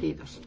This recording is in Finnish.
Kiitos.